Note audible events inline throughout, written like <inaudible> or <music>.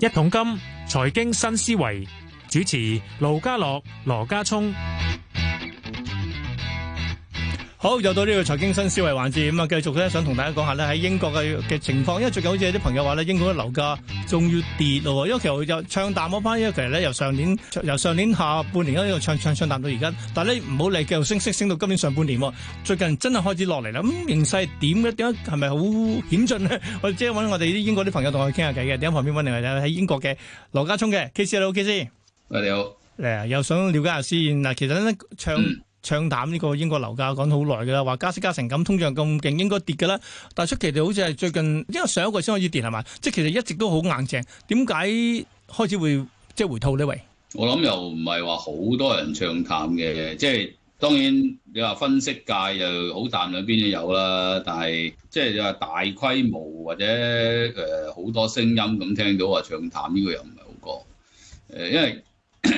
一桶金，財經新思維，主持盧家樂、羅家聰。好又到呢個財經新思維環節，咁啊繼續咧想同大家講下咧喺英國嘅嘅情況，因為最近好似有啲朋友話咧英國嘅樓價仲要跌咯，因為其實又唱淡嗰班咧，其實咧由上年由上年下半年咧又唱唱唱淡到而家，但係咧唔好理，繼續升升升到今年上半年，最近真係開始落嚟啦。咁形勢點咧？點解係咪好險峻咧？我即係揾我哋啲英國啲朋友同我哋傾下偈嘅，喺旁邊揾嚟喺英國嘅羅家聰嘅，K C hello K C。喂，你好。嗱，又想了解下先嗱，其實咧唱淡呢個英國樓價講咗好耐噶啦，話加息加成咁通脹咁勁，應該跌噶啦。但係出奇地，好似係最近，因為上一個先可以跌係嘛，即係其實一直都好硬淨。點解開始會即係回吐呢？喂，我諗又唔係話好多人唱淡嘅，的即係當然你話分析界又好淡兩邊都有啦。但係即係你話大規模或者誒好、呃、多聲音咁聽到話唱淡呢個又唔係好過誒、呃，因為。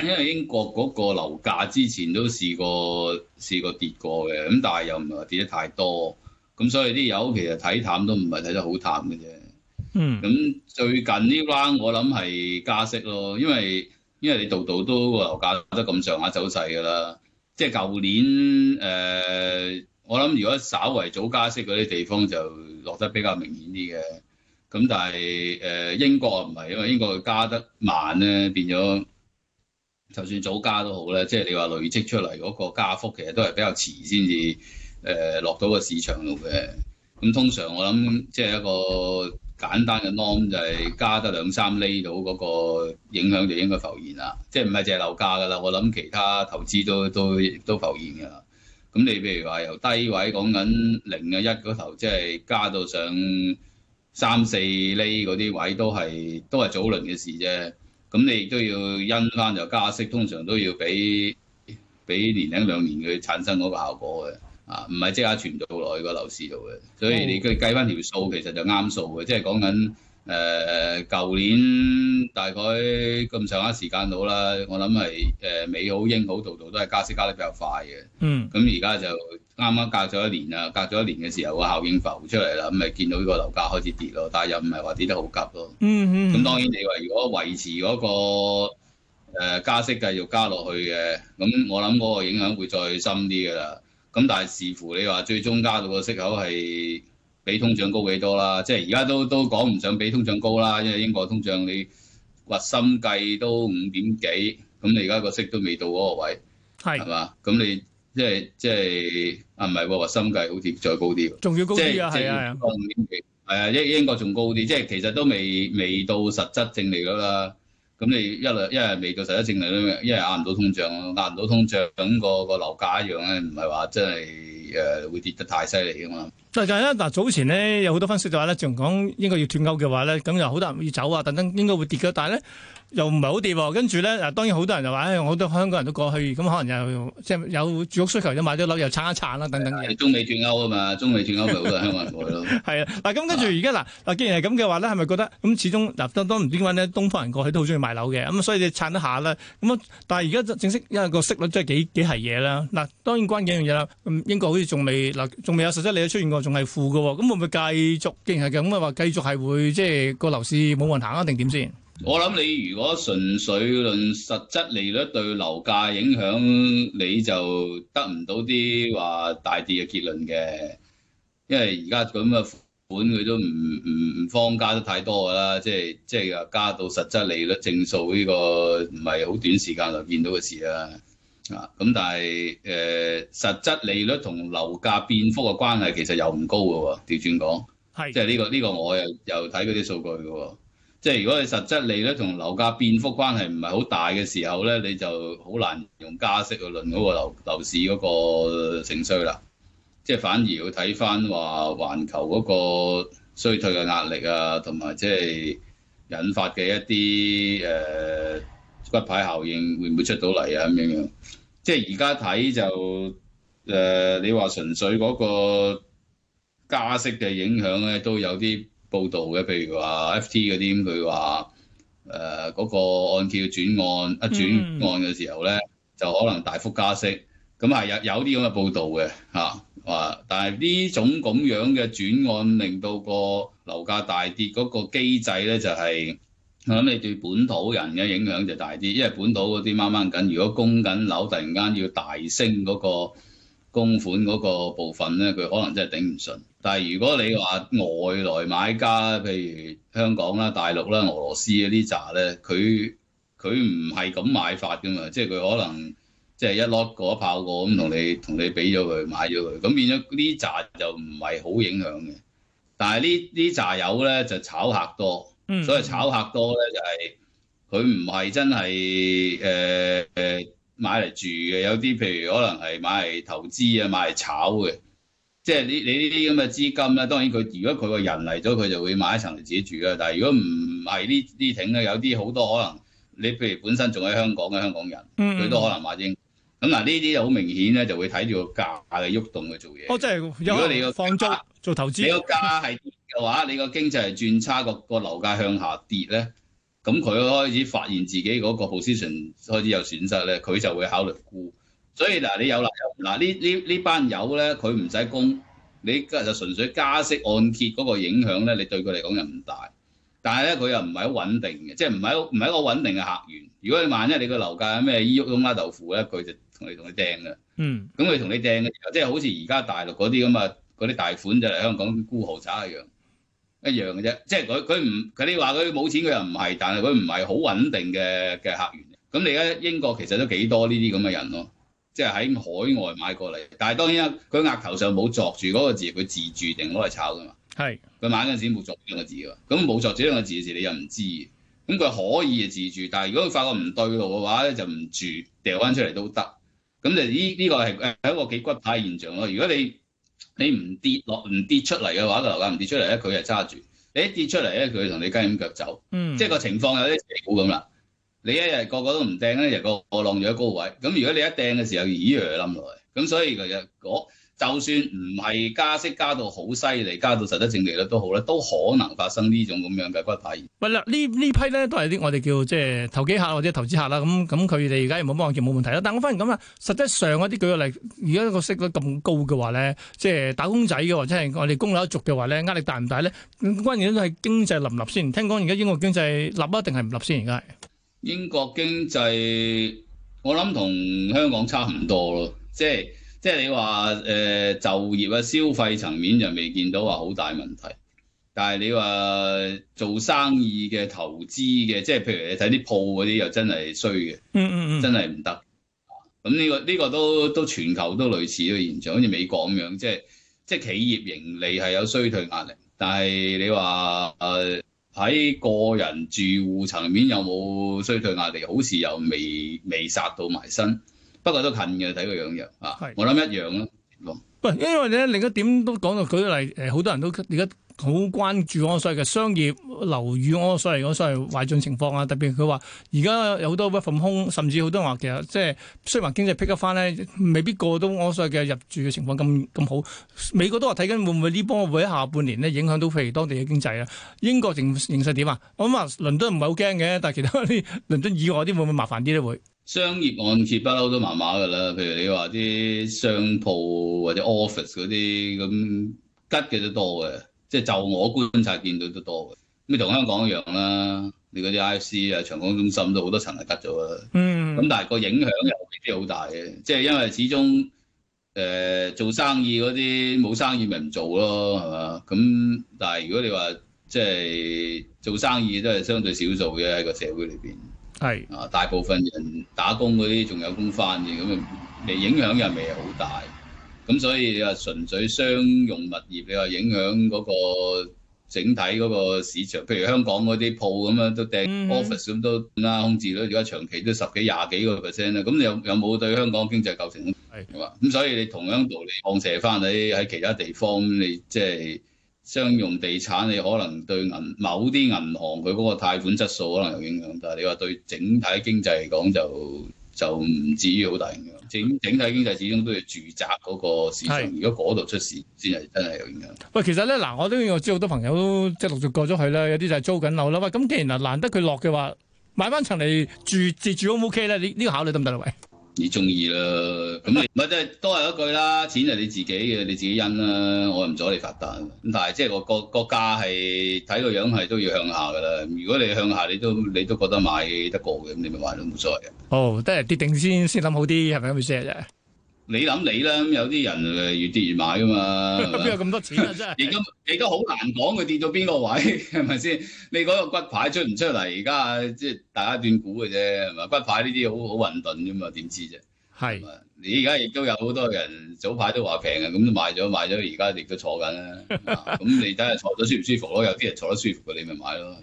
因為英國嗰個樓價之前都試過試過跌過嘅，咁但係又唔係跌得太多，咁所以啲友其實睇淡都唔係睇得好淡嘅啫。嗯，咁最近呢 round 我諗係加息咯，因為因為你度度都個樓價都得咁上下走勢㗎啦，即係舊年誒、呃，我諗如果稍為早加息嗰啲地方就落得比較明顯啲嘅，咁但係誒、呃、英國啊唔係，因為英國佢加得慢咧，變咗。就算早加都好啦，即係你話累積出嚟嗰個加幅，其實都係比較遲先至誒落到個市場度嘅。咁通常我諗，即係一個簡單嘅 norm 就係加得兩三厘到嗰個影響就應該浮現啦。即係唔係淨係樓價㗎啦，我諗其他投資都都都浮現㗎啦。咁你譬如話由低位講緊零啊一嗰頭，即係加到上三四厘嗰啲位都，都係都係早輪嘅事啫。咁你亦都要因翻就加息，通常都要俾俾年零兩,兩年去產生嗰個效果嘅。啊，唔係即刻傳到落去個樓市度嘅，所以你佢計翻條數其實就啱數嘅，即係講緊誒舊年大概咁上下時間到啦，我諗係誒美好、英好，度度都係加息加得比較快嘅，嗯，咁而家就。啱啱隔咗一年啦，隔咗一年嘅時候個效應浮出嚟啦，咁咪見到呢個樓價開始跌咯，但係又唔係話跌得好急咯。嗯嗯、mm。咁、hmm. 當然你話如果維持嗰、嗰個、呃、加息繼續加落去嘅，咁我諗嗰個影響會再深啲㗎啦。咁但係視乎你話最終加到個息口係比通脹高幾多啦，即係而家都都講唔上比通脹高啦，因為英國通脹你核心計都五點幾，咁你而家個息都未到嗰個位，係係嘛？咁你。即係即係，啊唔係喎，話心計好似再高啲，仲要高啲即啊，係啊係啊，係啊，英英國仲高啲，即係其實都未未到實質正利率啦。咁你一嚟一係未到實質正利率，一係壓唔到通脹咯，壓唔到通脹，咁、嗰個、嗰個樓價一樣咧，唔係話真係誒、呃、會跌得太犀利嘅嘛。但就咧，嗱早前咧有好多分析就話咧，仲講英國要脫歐嘅話咧，咁又好多人要走啊，等等應該會跌嘅，但係咧。又唔係好跌，跟住咧嗱，當然好多人就話，誒，好多香港人都過去，咁可能又即係、就是、有住屋需求，都買咗樓，又撐一撐啦，等等嘅。中美轉歐啊嘛，中美轉歐咪 <laughs> 好多香港人過去咯。係啊，嗱，咁跟住而家嗱嗱，既然係咁嘅話咧，係咪覺得咁、嗯、始終嗱，都都唔知點解呢？東方人過去都好中意買樓嘅，咁啊，所以你撐一下啦。咁啊，但係而家正式因為個息率真係幾幾係嘢啦。嗱、啊，當然關幾樣嘢啦。英國好似仲未嗱，仲未有實質利率出現過，仲係負嘅。咁會唔會繼續？既然係咁啊，話、就是、繼續係會即係個樓市冇運行啊，定點先？我諗你如果純粹論實質利率對樓價影響，你就得唔到啲話大跌嘅結論嘅，因為而家咁嘅款佢都唔唔唔放加得太多噶啦、就是，即係即係又加到實質利率正數呢個唔係好短時間就見到嘅事啦。啊、呃，咁但係誒實質利率同樓價變幅嘅關係其實又唔高嘅喎、啊，調轉講係，即係呢個呢、呢個我又又睇嗰啲數據嘅喎、啊。即係如果你實質你咧同樓價變幅關係唔係好大嘅時候咧，你就好難用加息去論嗰個樓，樓市嗰個成衰啦。即係反而要睇翻話環球嗰個衰退嘅壓力啊，同埋即係引發嘅一啲誒、呃、骨牌效應會唔會出到嚟啊，咁樣樣。即係而家睇就誒、呃，你話純粹嗰個加息嘅影響咧都有啲。報導嘅，譬如話 FT 嗰啲，佢話誒嗰個按揭轉案一、嗯、轉案嘅時候咧，就可能大幅加息，咁係有有啲咁嘅報導嘅嚇話，但係呢種咁樣嘅轉案令到個樓價大跌嗰個機制咧就係我諗你對本土人嘅影響就大啲，因為本土嗰啲掹掹緊，如果供緊樓突然間要大升嗰個。供款嗰個部分咧，佢可能真係頂唔順。但係如果你話外來買家，譬如香港啦、大陸啦、俄羅斯呢扎咧，佢佢唔係咁買法㗎嘛，即係佢可能即係一粒過一炮過咁同你同你俾咗佢買咗佢，咁變咗呢扎就唔係好影響嘅。但係呢呢扎有咧就炒客多，所以炒客多咧就係佢唔係真係誒誒。呃買嚟住嘅，有啲譬如可能係買嚟投資啊，買嚟炒嘅，即係呢，你呢啲咁嘅資金咧，當然佢如果佢個人嚟咗，佢就會買一層嚟自己住啦。但係如果唔係呢啲挺咧，有啲好多可能你譬如本身仲喺香港嘅香港人，佢、嗯嗯、都可能買添。咁嗱，呢啲又好明顯咧，就會睇住個價嘅喐動，動去做嘢。哦，即係如果你個放租做投資，你個價係跌嘅話，你個經濟係轉差，個、那個樓價向下跌咧。咁佢、嗯、開始發現自己嗰個 position 開始有損失咧，佢就會考慮沽。所以嗱，你有嗱有嗱呢呢呢班友咧，佢唔使供，你今日就純粹加息按揭嗰個影響咧，你對佢嚟講又唔大。但係咧，佢又唔係好穩定嘅，即係唔係唔係一個穩定嘅客源。如果你萬一你個樓價咩依郁冬瓜豆腐咧，佢就同你同你掟㗎。嗯。咁佢同你掟嘅時候，即係好似而家大陸嗰啲咁啊，嗰啲大款就嚟香港沽豪宅一樣。一樣嘅啫，即係佢佢唔，佢你話佢冇錢，佢又唔係，但係佢唔係好穩定嘅嘅客源。咁你而家英國其實都幾多呢啲咁嘅人咯，即係喺海外買過嚟。但係當然啦，佢額頭上冇鑿住嗰個字，佢自住定攞嚟炒㗎嘛？係是。佢買嗰陣時冇鑿住呢兩個字㗎，咁冇鑿住呢兩個字嘅事你又唔知。咁佢可以自住，但係如果佢發覺唔對路嘅話咧，就唔住，掉翻出嚟都得。咁就呢呢個係誒一個幾骨牌現象咯。如果你你唔跌落唔跌出嚟嘅話，個樓價唔跌出嚟咧，佢就揸住；你一跌出嚟咧，佢同你雞咁腳走。嗯，即係個情況有啲似股咁啦。你一日個個都唔掟咧，又個浪咗高位。咁如果你一掟嘅時候，咦又冧落嚟。咁所以其日。就算唔係加息加到好犀利，加到實質正利率都好咧，都可能發生呢種咁樣嘅骨牌現。唔係啦，呢呢批咧都係啲我哋叫即係投機客或者投資客啦。咁咁佢哋而家有冇風險？冇問題啦。但我發現咁啊，實質上啊，啲舉例，而家個息率咁高嘅話咧，即係打工仔嘅或者係我哋供樓一族嘅話咧，壓力大唔大咧？關鍵都係經濟立唔立先。聽講而家英國經濟立啊，定係唔立先？而家英國經濟我諗同香港差唔多咯，即係。即係你話誒就業啊，消費層面就未見到話好大問題。但係你話做生意嘅投資嘅，即係譬如你睇啲鋪嗰啲又真係衰嘅。嗯嗯嗯，真係唔得。咁呢個呢個都都全球都類似嘅現象，好似美國咁樣，即係即係企業盈利係有衰退壓力，但係你話誒喺個人住戶層面有冇衰退壓力？好似又未未殺到埋身。不過都近嘅，睇個樣樣是啊，我諗一樣咯，唔因為咧，另一點都講到舉例，誒、呃、好多人都而家好關注安所謂嘅商業樓宇，安所謂嚟講，所以壞境情況啊，特別佢話而家有好多 vacant 空，甚至好多人話其實即係雖然話經濟 pick 得翻呢，未必過到安所謂嘅入住嘅情況咁咁好。美國都話睇緊會唔會呢波會喺下半年呢影響到譬如當地嘅經濟啊？英國形形勢點啊？我諗啊，倫敦唔係好驚嘅，但係其他啲倫敦以外啲會唔會麻煩啲咧會？ <laughs> 倫 商業按揭不嬲都麻麻㗎啦，譬如你話啲商鋪或者 office 嗰啲咁吉嘅都多嘅，即係就我觀察見到都多嘅。咁同香港一樣啦，你嗰啲 IC 啊、長江中心都好多層係吉咗啦。嗯。咁但係個影響又未必好大嘅，即係因為始終誒、呃、做生意嗰啲冇生意咪唔做咯，係嘛？咁但係如果你話即係做生意都係相對少數嘅喺個社會裏邊。係啊，是大部分人打工嗰啲仲有工翻嘅，咁你影響又未好大。咁所以你話純粹商用物業，你話影響嗰個整體嗰個市場，譬如香港嗰啲鋪，咁樣都訂 office 咁都拉空置啦，而家長期都十幾廿幾個 percent 啦。咁你有有冇對香港經濟構成係嘛？咁是所以你同樣道理放射翻喺喺其他地方，你即係。商用地產你可能對銀某啲銀行佢嗰個貸款質素可能有影響，但係你話對整體經濟嚟講就就唔至於好大影響。整整體經濟始終都要住宅嗰個市場，是如果嗰度出事先係真係有影響。喂，其實咧嗱，我都知好多朋友都即係陸續過咗去啦，有啲就係租緊樓啦。喂，咁既然嗱難得佢落嘅話，買翻層嚟住接住 O 唔 O K 咧？你呢個考慮得唔得啊？喂？你中意啦，咁咪唔係即係都係一句啦，錢係你自己嘅，你自己印啦，啊，我又唔阻你發達。咁但係即係個國國家係睇個樣係都要向下噶啦。如果你向下，你都你都覺得買得過嘅，咁你咪買都冇所謂。哦，都係跌定先先諗好啲，係咪咁意思啫？你諗你啦，有啲人越跌越買㗎嘛。邊有咁多錢啊？真係，而家而家好難講佢跌到邊個位，係咪先？你嗰個骨牌出唔出嚟？而家即係大家斷估嘅啫，係咪？骨牌呢啲好好混沌㗎嘛，點知啫？係，你而家亦都有好多人，早排都話平啊，咁都買咗買咗，而家亦都坐緊啦。咁你睇下坐得舒唔舒服咯？有啲人坐得舒服，你咪買咯。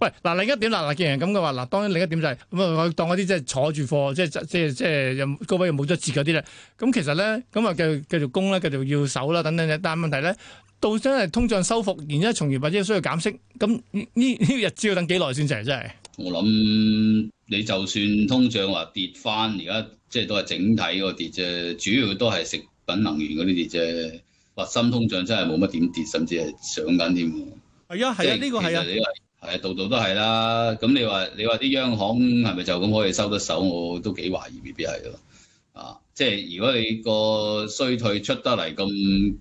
喂，嗱另一點嗱，嗱既然咁嘅話，嗱當然另一點就係咁啊，嗯、我當嗰啲即係坐住貨，即係即係即係高位又冇咗折嗰啲咧。咁其實咧，咁啊繼續繼續攻啦，繼續要守啦，等等。但係問題咧，到真係通脹收復，然之後從而或者需要減息，咁呢呢日子要等幾耐先成真係？我諗你就算通脹話跌翻，而家即係都係整體個跌啫，主要都係食品能源嗰啲跌啫。核心通脹真係冇乜點跌，甚至係上緊添。係啊，係啊，呢個係啊，係啊，度度都係啦。咁你話你話啲央行係咪就咁可以收得手？我都幾懷疑，未必係㗎。啊，即係如果你個衰退出得嚟咁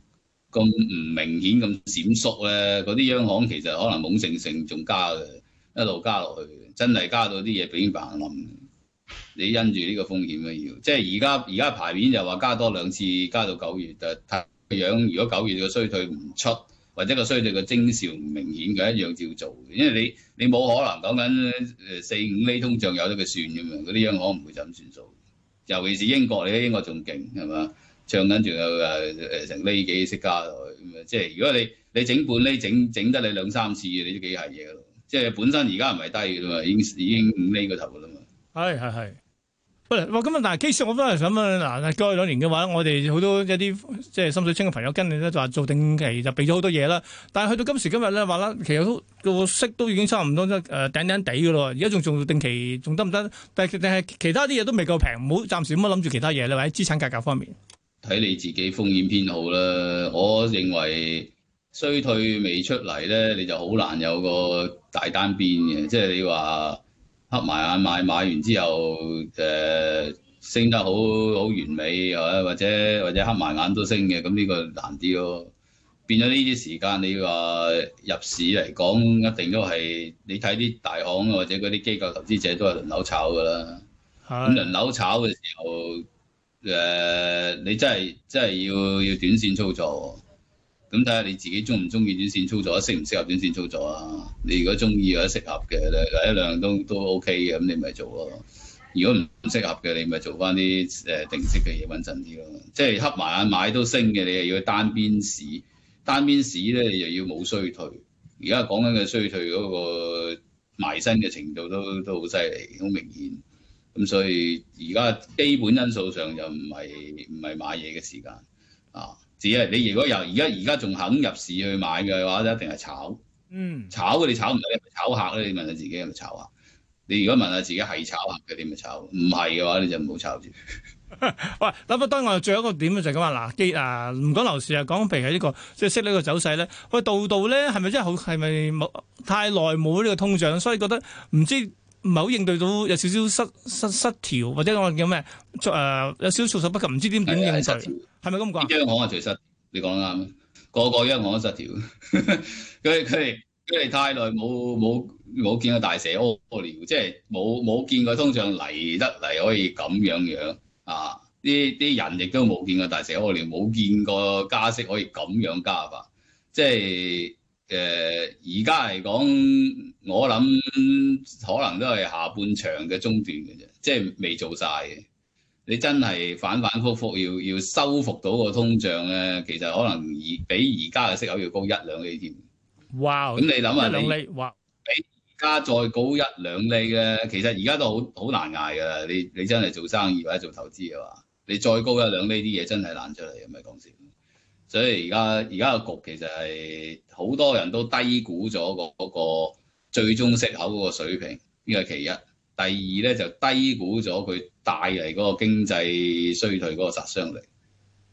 咁唔明顯咁閃縮咧，嗰啲央行其實可能懵性性仲加嘅。一路加落去，真係加到啲嘢已經泛濫。你因住呢個風險嘅要即係而家而家牌面就話加多兩次，加到九月。但係個樣，如果九月個衰退唔出，或者個衰退個徵兆唔明顯嘅，一樣照做。因為你你冇可能講緊誒四五厘通脹有得佢算咁嘛？嗰啲可能唔會就咁算數。尤其是英國你，喺英國仲勁係嘛？唱緊仲有誒誒成厘幾息加落去咁啊！即係如果你你整半厘整整得你兩三次，嘅，你都幾係嘢。即係本身而家唔係低嘅嘛，已經已經五釐個頭嘅啦嘛。係係係，喂， <noise> 哇！咁啊，但係其實我都係想問，嗱，過去兩年嘅話，我哋好多一啲即係深水清嘅朋友跟咧，就話做定期就俾咗好多嘢啦。但係去到今時今日咧話啦，其實個息都已經差唔多，即係誒頂頂哋嘅咯。而家仲做定期仲得唔得？但係但係其他啲嘢都未夠平，唔好暫時咁樣諗住其他嘢啦，喺資產價格方面。睇你自己風險偏好啦，我認為。衰退未出嚟呢，你就好難有個大單邊嘅，即係你話黑埋眼買，買完之後誒、呃、升得好好完美，或者或者黑埋眼都升嘅，咁呢個難啲咯。變咗呢啲時間，你話入市嚟講，一定都係你睇啲大行或者嗰啲機構投資者都係輪流炒噶啦。咁的輪流炒嘅時候，誒、呃、你真係真係要要短線操作。咁睇下你自己中唔中意短線操作，啊，適唔適合短線操作啊？你如果中意或者適合嘅，第一兩都都 OK 嘅，咁你咪做咯。如果唔適合嘅，你咪做返啲誒定息嘅嘢穩陣啲咯。即係黑埋眼買都升嘅，你又要去單邊市，單邊市咧你又要冇衰退。而家講緊嘅衰退嗰、那個埋身嘅程度都都好犀利，好明顯。咁所以而家基本因素上就唔係唔係買嘢嘅時間啊。你如果由而家而家仲肯入市去買嘅話，就一定係炒。嗯，炒嘅你炒唔到，你係炒客咧？你問下自己有冇炒啊？你如果問下自己係炒客嘅點樣炒？唔係嘅話，你就唔好炒住。喂、 <laughs> 哎，嗱，不過當我最後一個點咧就係咁話嗱，既啊唔講樓市啊，講譬如喺呢、呢個即係識呢個走勢咧，喂，度度咧係咪真係好？係咪冇太耐冇呢個通脹？所以覺得唔知。唔係好應對到，有少少失失失調，或者我叫咩？誒有少措手不及不，唔知點點形容，係咪咁講？央行啊，其實你講得啱，個個央行都失調，佢佢佢哋太耐冇冇冇見過大蛇屙尿，即係冇冇見過通常嚟得嚟可以咁樣樣啊！啲啲人亦都冇見過大蛇屙尿，冇見過加息可以咁樣加法，即係。誒而家嚟講，我諗可能都係下半場嘅中段嘅啫，即係未做晒嘅。你真係反反覆覆要要收復到個通脹咧，其實可能而比而家嘅息口要高一兩厘添。哇！咁你諗下，wow，你比而家再高一兩厘嘅，其實而家都好好難捱㗎。你你真係做生意或者做投資嘅話，你再高一兩厘啲嘢真係難出嚟啊！咪講笑。所以而家而家個局其實係好多人都低估咗嗰個最終蝕口嗰個水平，呢個係其一。第二咧就低估咗佢帶嚟嗰個經濟衰退嗰個殺傷力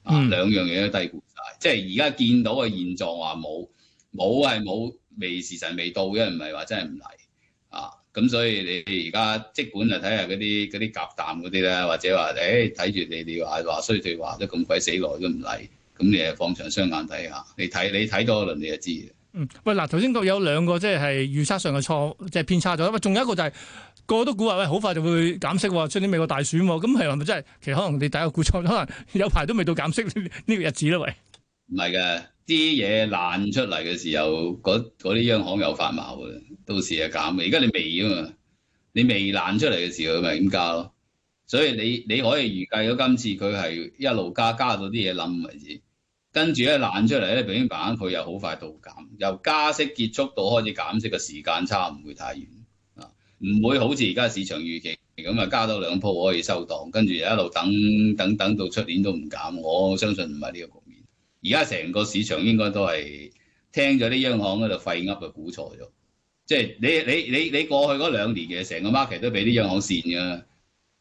啊，兩樣嘢都低估晒，嗯、即係而家見到嘅現狀話冇冇係冇，未時辰未到，因為唔係話真係唔嚟啊。咁所以你而家即管就睇下嗰啲嗰啲夾淡嗰啲呢，或者話誒睇住你哋話話衰退話得咁鬼死耐都唔嚟。咁你係放長雙眼睇下，你睇你睇多輪你就知嘅。嗯，喂，嗱，頭先有兩個即係預測上嘅錯，即係偏差咗。喂，仲有一個就係、係、個個都估話，喂，好快就會減息喎，出年美國大選喎，咁係咪真係？其實可能你第一個估錯，可能有排都未到減息呢個日子啦，喂。唔係嘅，啲嘢爛出嚟嘅時候，嗰啲央行有發毛，嘅，到時就減嘅。而家你未啊嘛，你未爛出嚟嘅時候，咪點加咯。所以你你可以預計咗今次佢係一路加，加到啲嘢冧為止。跟住咧攔出嚟咧，俾板佢又好快到減，由加息結束到開始減息嘅時間差唔會太遠啊，唔會好似而家市場預期咁啊，加多兩鋪可以收檔，跟住又一路等等等到出年都唔減，我相信唔係呢個局面。而家成個市場應該都係聽咗啲央行嗰度廢噏嘅估錯咗，即係你你你你過去嗰兩年嘅成個 market 都俾啲央行跣㗎。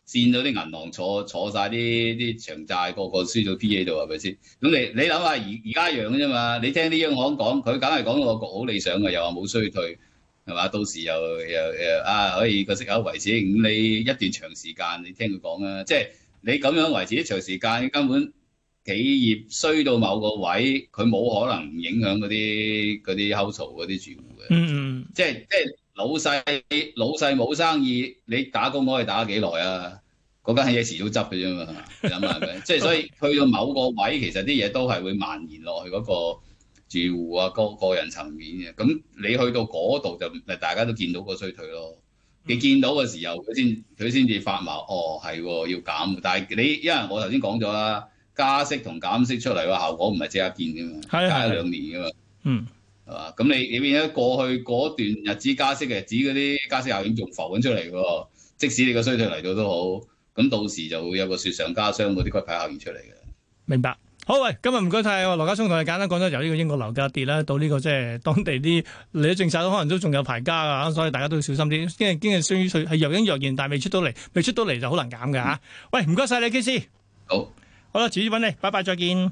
賤咗啲銀行坐坐曬啲啲長債，個個個輸咗 P 喺度係咪先？咁你你諗下，而而家樣啫嘛？你聽啲央行講，佢梗係講個好理想嘅，又話冇衰退係嘛？到時又又誒啊，可以個息口維持。咁你一段長時間，你聽佢講啦，即係你咁樣維持一段長時間，根本企業衰到某個位，佢冇可能唔影響嗰啲嗰啲 household 嗰啲住戶嘅。即即嗯即係即係。老細老細冇生意，你打工可以打幾耐啊？嗰間嘢遲早執嘅啫嘛，係咪？即係所以去到某個位，其實啲嘢都係會蔓延落去嗰個住戶啊個個人層面嘅。咁你去到嗰度就，大家都見到個衰退咯。你見到嘅時候，佢先佢先至發毛，哦係喎要減。但係你因為我頭先講咗啦，加息同減息出嚟嘅效果唔係即刻見嘅嘛，係呀，加咗兩年嘅嘛。嗯。咁、啊、你你變咗過去嗰段日子加息嘅日子嗰啲加息效應仲浮緊出嚟嘅喎，即使你個衰退嚟到都好，咁到時就會有個雪上加霜嗰啲骨牌效應出嚟嘅。明白，好，喂，今日唔該晒我羅家聰同你簡單講咗由呢個英國樓價跌啦，到呢個即係當地啲利率政策都可能都仲有排加噶，所以大家都要小心啲，因為經濟衰退係若隱若現，但係未出到嚟，未出到嚟就好難減嘅吓。啊嗯、喂，唔該晒你，KC，好，好啦，遲啲揾你，拜拜，再見。